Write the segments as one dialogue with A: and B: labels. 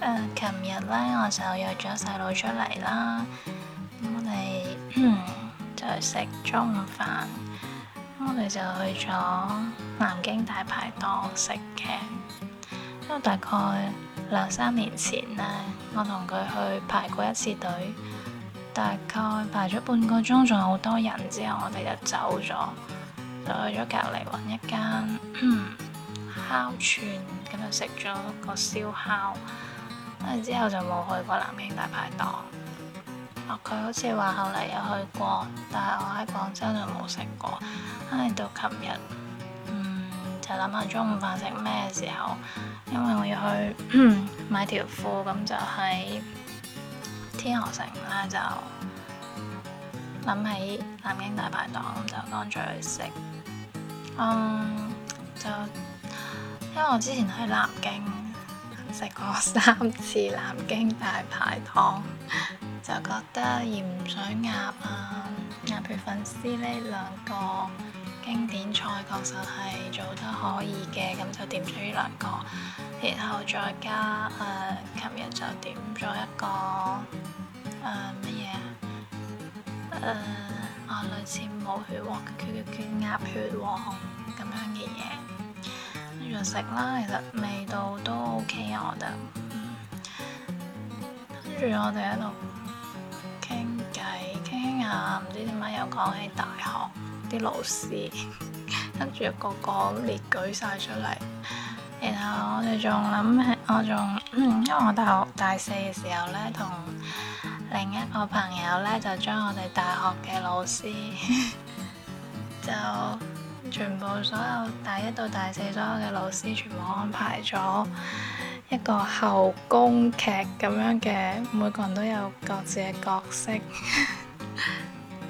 A: 誒，琴日咧，我就約咗細佬出嚟啦。咁我哋、嗯、就食中午飯，我哋就去咗南京大排檔食嘅。因為大概兩三年前呢，我同佢去排過一次隊，大概排咗半個鐘，仲有好多人之後，我哋就走咗，就去咗隔離揾一間、嗯、烤串，咁就食咗個燒烤。跟住之後就冇去過南京大排檔。佢、啊、好似話後嚟有去過，但係我喺廣州就冇食過。跟、哎、到琴日、嗯，就諗下中午飯食咩時候，因為我要去買條褲，咁就喺天河城啦，就諗起南京大排檔，就乾脆去食。嗯，就因為我之前喺南京。食過三次南京大排檔， 就覺得鹽水鴨啊、鴨血粉絲呢兩個經典菜確實係做得可以嘅，咁就點咗呢兩個，然後再加誒，琴、呃、日就點咗一個誒乜嘢誒，我、呃呃啊、類似冇血旺嘅圈圈鴨血旺咁樣嘅嘢。住食啦，其實味道都 OK 啊，我覺得。跟住我哋喺度傾偈，傾下唔知點解又講起大學啲老師，跟 住個個列舉晒出嚟。然後我哋仲諗起，我仲 因為我大學大四嘅時候呢，同另一個朋友呢，就將我哋大學嘅老師 就。全部所有大一到大四所有嘅老師，全部安排咗一個後宮劇咁樣嘅，每個人都有各自嘅角色。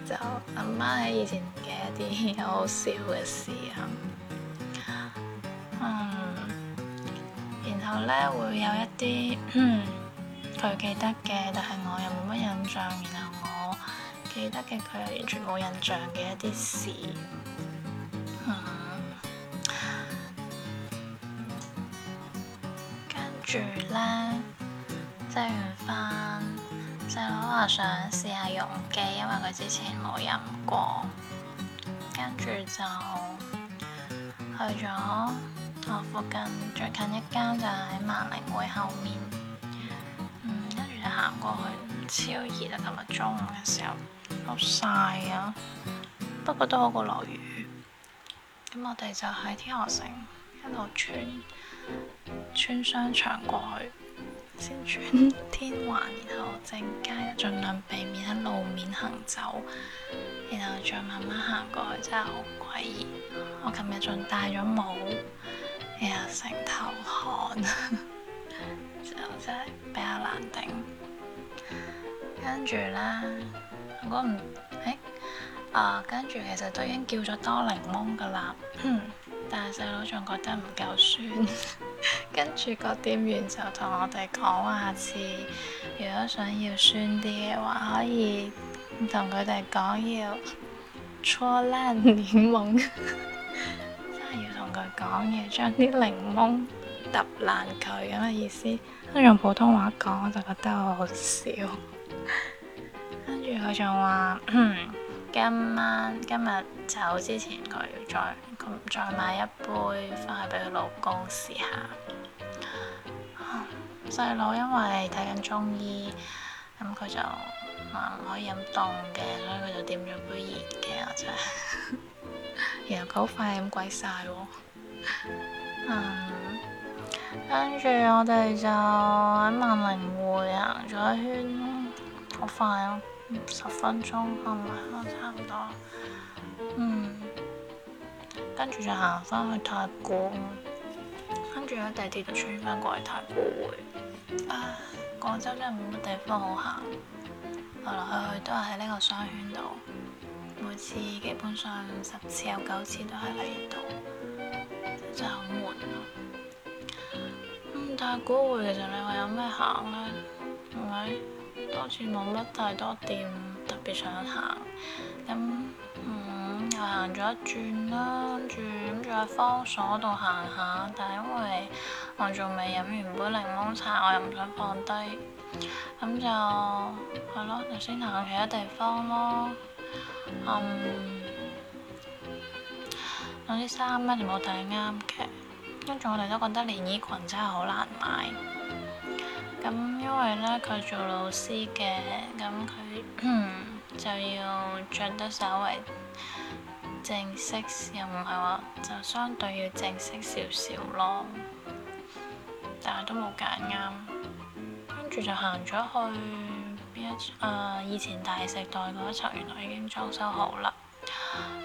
A: 就諗翻起以前嘅一啲好笑嘅事啊，嗯，然後呢，會有一啲佢記得嘅，但係我又冇乜印象，然後我記得嘅，佢又完全冇印象嘅一啲事。跟住、嗯、呢，即係用翻細佬話，想試下用機，因為佢之前冇飲過。跟住就去咗我、啊、附近最近一間，就喺萬菱匯後面。跟、嗯、住就行過去，超熱啊！今日中午嘅時候，好曬啊，不過都好過落雨。咁我哋就喺天河城一路穿穿商場過去，先穿天環，然後正街，盡量避免喺路面行走，然後再慢慢行過去，真係好鬼熱。我琴日仲戴咗帽，哎呀，成頭汗， 就真係比較難頂。跟住啦，如果唔～跟住、哦、其實都已經叫咗多檸檬噶啦，但係細佬仲覺得唔夠酸。 跟住個店員就同我哋講，下次如果想要酸啲嘅話， 話，可以同佢哋講要搓爛檸檬爛，真係要同佢講嘢，將啲檸檬揼爛佢咁嘅意思。用普通話講我就覺得我好笑。跟住佢仲話。嗯今晚今日走之前要，佢再再買一杯翻去俾佢老公試下。細、啊、佬因為睇緊中醫，咁、嗯、佢就話唔、嗯、可以飲凍嘅，所以佢就點咗杯熱嘅。我就是、 然後佢好快，咁鬼晒喎。跟、嗯、住我哋就喺萬菱匯行咗一圈，好快啊！十分鐘係咪？差唔多。嗯，跟住就行翻去太古，跟住喺地鐵度穿翻過去太古匯。啊！廣州真係冇乜地方好行，來來去去都係喺呢個商圈度。每次基本上十次有九次都係嚟到，真係好悶咯啊。咁太古匯其實你話有咩行咧？係咪？都好似冇乜太多店特別想行，咁嗯又行咗一轉啦，跟住咁喺方所度行下，但係因為我仲未飲完杯檸檬茶，我又唔想放低，咁就係咯，頭先行其他地方咯。嗯，總啲衫咧就冇睇啱嘅，跟住我哋都覺得連衣裙真係好難買。咁、嗯、因為咧，佢做老師嘅，咁、嗯、佢就要着得稍為正式，又唔係話就相對要正式少少咯。但係都冇揀啱，跟、嗯、住就行咗去邊一，誒、呃，以前大食代嗰一層，原來已經裝修好啦。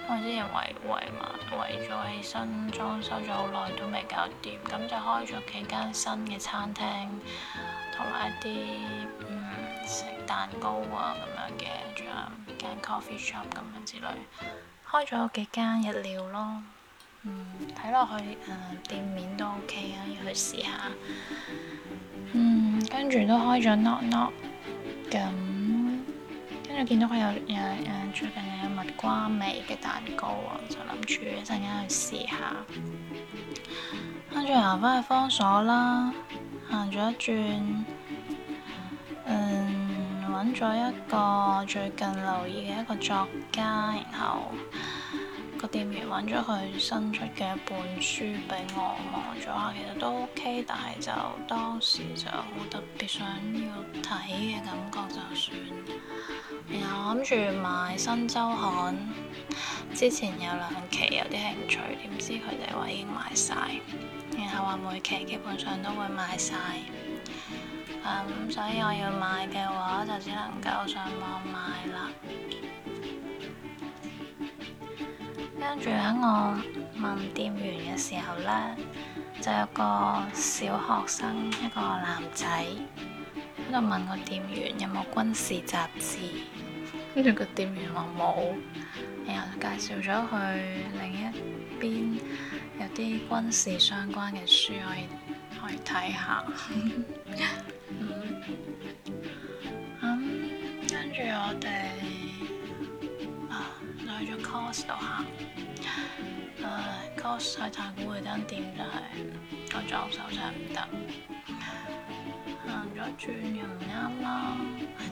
A: 我之前圍圍埋圍咗起新裝修咗好耐都未搞掂，咁就開咗幾間新嘅餐廳，同埋一啲嗯食蛋糕啊咁樣嘅，仲有間 coffee shop 咁樣之類，開咗幾間日料咯，嗯，睇落去誒、呃、店面都 ok 啊，要去試下，嗯跟住都開咗 no no 咁，跟住見到佢有有誒最近瓜味嘅蛋糕啊，就諗住一陣間去試下，跟住行翻去方所啦，行咗一轉，嗯，揾咗一個最近留意嘅一個作家，然後。個店員揾咗佢新出嘅一本書俾我，望咗下其實都 OK，但係就當時就好特別想要睇嘅感覺就算。然後諗住買《新周刊》，之前有兩期有啲興趣，點知佢哋話已經賣晒，然後話每期基本上都會賣晒。咁、嗯、所以我要買嘅話就只能夠上網買啦。跟住喺我問店員嘅時候呢，就有個小學生一個男仔喺度問個店員有冇軍事雜誌，跟住個店員話冇，然後介紹咗佢另一邊有啲軍事相關嘅書可以可以睇下。咁跟住我哋，去咗 COS 度行，誒 COS 喺太古匯間店，就係個裝修真係唔得，行咗轉又唔啱啦。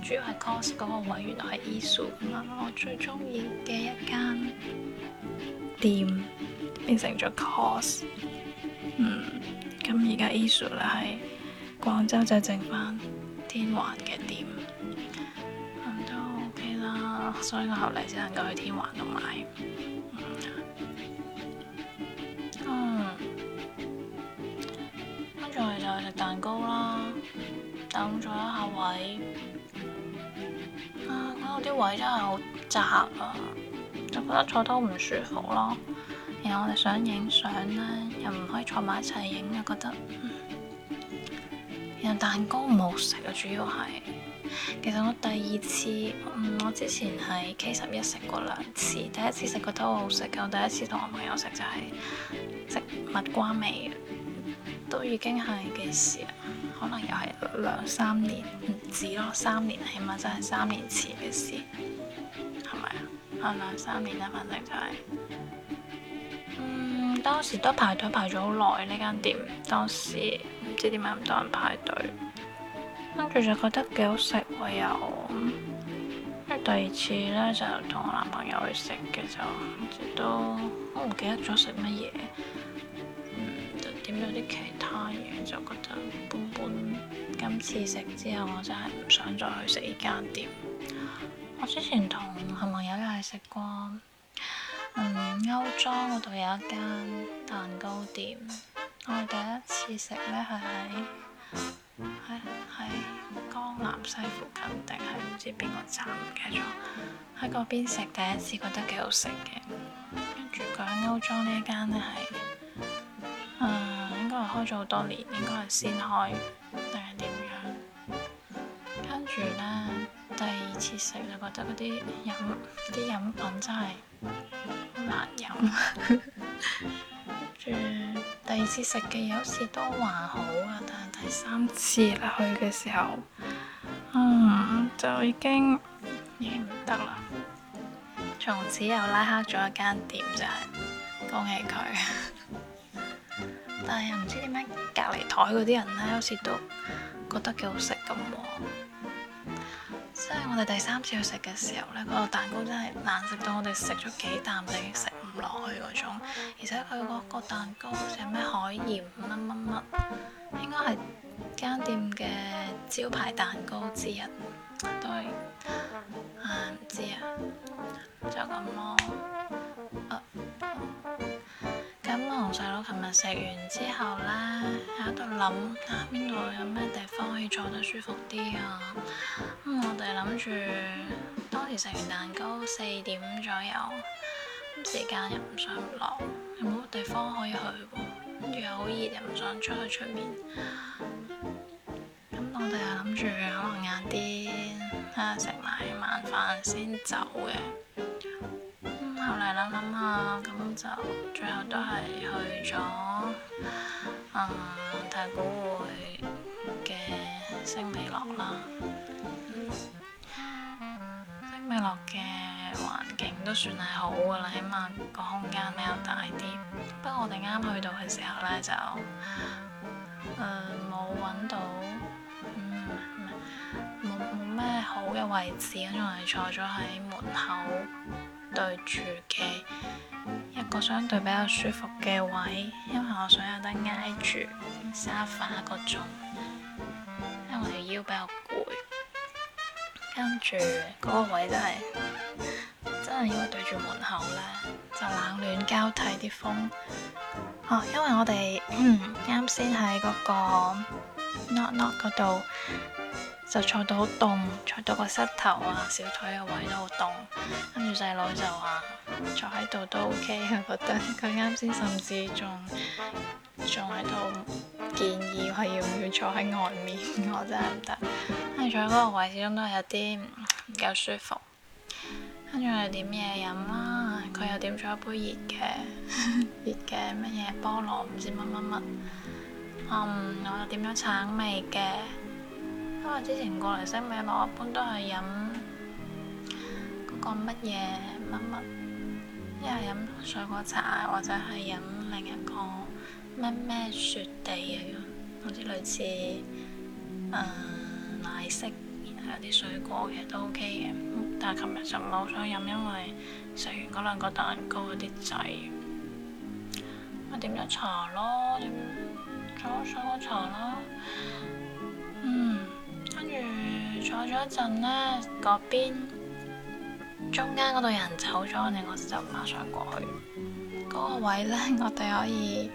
A: 主要係 COS 嗰個位原來係 Issu 啦、嗯，我最中意嘅一間店變成咗 COS。嗯，咁而家 Issu 啦，喺廣州就剩翻天環嘅店。所以我後嚟只能夠去天環度買。嗯，跟住我哋就去食蛋糕啦，等咗一下位。啊，嗰度啲位真係好窄啊，就覺得坐得唔舒服咯、啊。然後我哋想影相咧，又唔可以坐埋一齊影，又覺得。然後蛋糕唔好食啊，主要係。其實我第二次，嗯，我之前喺 K 十一食過兩次，第一次食覺得好好食嘅，我第一次同我朋友食就係蜜瓜味嘅，都已經係幾時啊？可能又係兩三年唔止咯，三年，三年起碼就係三年前嘅事，係咪啊？係兩三年啦，反正就係、係，嗯，當時都排隊排咗好耐呢間店，當時唔知點解咁多人排隊。跟住就覺得幾好食喎又，跟住第二次咧就同我男朋友去食嘅就都我唔記得咗食乜嘢，嗯，就點咗啲其他嘢就覺得一般般。今次食之後我真係唔想再去食呢間店。我之前同男朋友一係食過，嗯，歐莊嗰度有一間蛋糕店，我第一次食咧係喺，喺江南西附近定係唔知邊個站唔記得咗，喺嗰邊食第一次覺得幾好食嘅，跟住講歐莊呢一間咧係，誒、嗯、應該係開咗好多年，應該係先開定係點樣？跟住呢，第二次食就覺得嗰啲飲啲飲品真係好難飲。跟住。 第二次食嘅有時都還好啊，但係第三次去嘅時候， 嗯就已經已經唔得啦。從此又拉黑咗一間店就係、是，恭喜佢。但係又唔知點解隔離台嗰啲人咧，好似都覺得幾好食咁喎。所以我哋第三次去食嘅時候咧，嗰、那個蛋糕真係難食到我哋食咗幾啖就已經食。佢嗰種，而且佢嗰個蛋糕好似係咩海鹽乜乜乜，應該係間店嘅招牌蛋糕之一，都係啊唔知啊，啊知就咁咯。咁、啊、我同細佬琴日食完之後呢，喺度諗啊邊度有咩地方可以坐得舒服啲啊？咁、嗯、我哋諗住當時食完蛋糕四點左右。時間又唔想落，又冇地方可以去喎、啊，跟住又好熱又唔想出去出面，咁、嗯、我哋又諗住可能晏啲睇下食埋晚飯先走嘅。咁、嗯、後嚟諗諗下，咁就最後都係去咗啊太古匯嘅星美樂啦。嗯米樂嘅環境都算係好噶啦，起碼個空間比較大啲。不過我哋啱去到嘅時候呢，就，呃、冇揾到，嗯冇咩好嘅位置，跟住我哋坐咗喺門口對住嘅一個相對比較舒服嘅位，因為我想有得挨住沙發嗰種，因為我哋腰比較攰。跟住嗰、那個位真係真係因為對住門口咧，就冷暖交替啲風。嚇、啊，因為我哋啱先喺嗰個 note note 嗰度就坐到好凍，坐到個膝頭啊、小腿個位都好凍。跟住細佬就話。坐喺度都 OK，我覺得佢啱先甚至仲仲喺度建議我要唔要坐喺外面，我真係唔得。跟住 坐喺嗰個位，始終都係有啲唔夠舒服。跟住我哋點嘢飲啦、啊，佢又點咗一杯熱嘅 熱嘅乜嘢菠蘿，唔知乜乜乜。嗯，我又點咗橙味嘅，因、啊、為之前過嚟食咪我一般都係飲嗰個乜嘢乜乜。一係飲水果茶，或者係飲另一個咩咩雪地啊，好似類似嗯、呃，奶昔，然後有啲水果其實都 OK 嘅。但係琴日就唔係好想飲，因為食完嗰兩個蛋糕啲滯。我點咗茶咯，點咗水果茶啦。嗯，跟住坐咗一陣咧，嗰邊。中間嗰度人走咗，我哋我就馬上過去。嗰個位咧，我哋可以，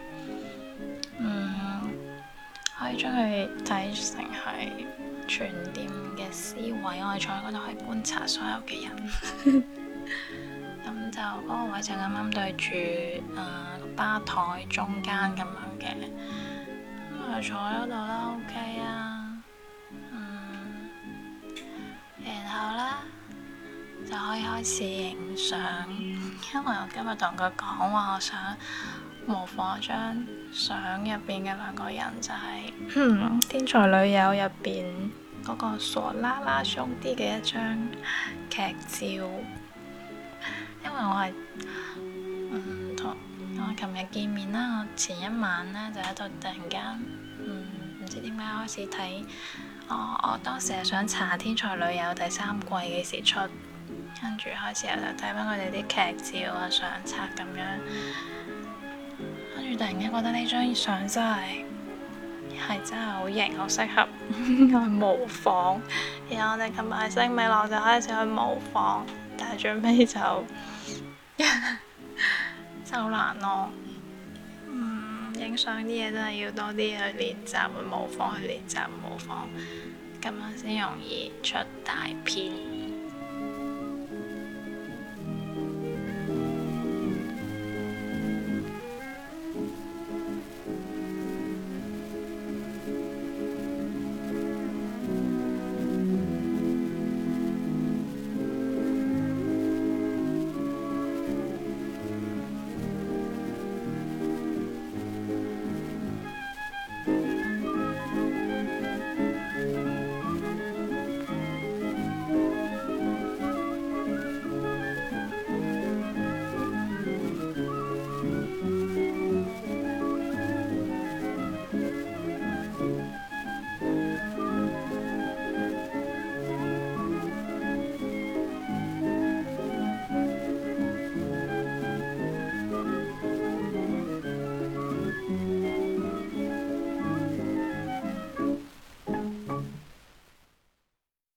A: 嗯，可以將佢睇成係全店嘅 C 位，我哋坐喺嗰度可以觀察所有嘅人。咁 就嗰個位就啱啱對住誒個吧台中間咁樣嘅，咁我坐喺嗰度啦，OK 啊。就可以開始影相，因為我今日同佢講話，我想模仿張相入邊嘅兩個人，就係、是《天才女友》入邊嗰個傻啦啦鬆啲嘅一張劇照。因為我係嗯同我琴日見面啦，我前一晚咧就喺度突然間，嗯唔知點解開始睇我、哦，我當時係想查《天才女友》第三季幾時出。跟住開始我就睇翻佢哋啲劇照啊、相冊咁樣，跟住突然間覺得呢張相真係係真係好型，好適合去 模仿。然後我哋近排喺星美樂就開始去模仿，但係最尾就真係好難咯、啊。嗯，影相啲嘢真係要多啲去練習去模仿，去練習模仿，咁樣先容易出大片。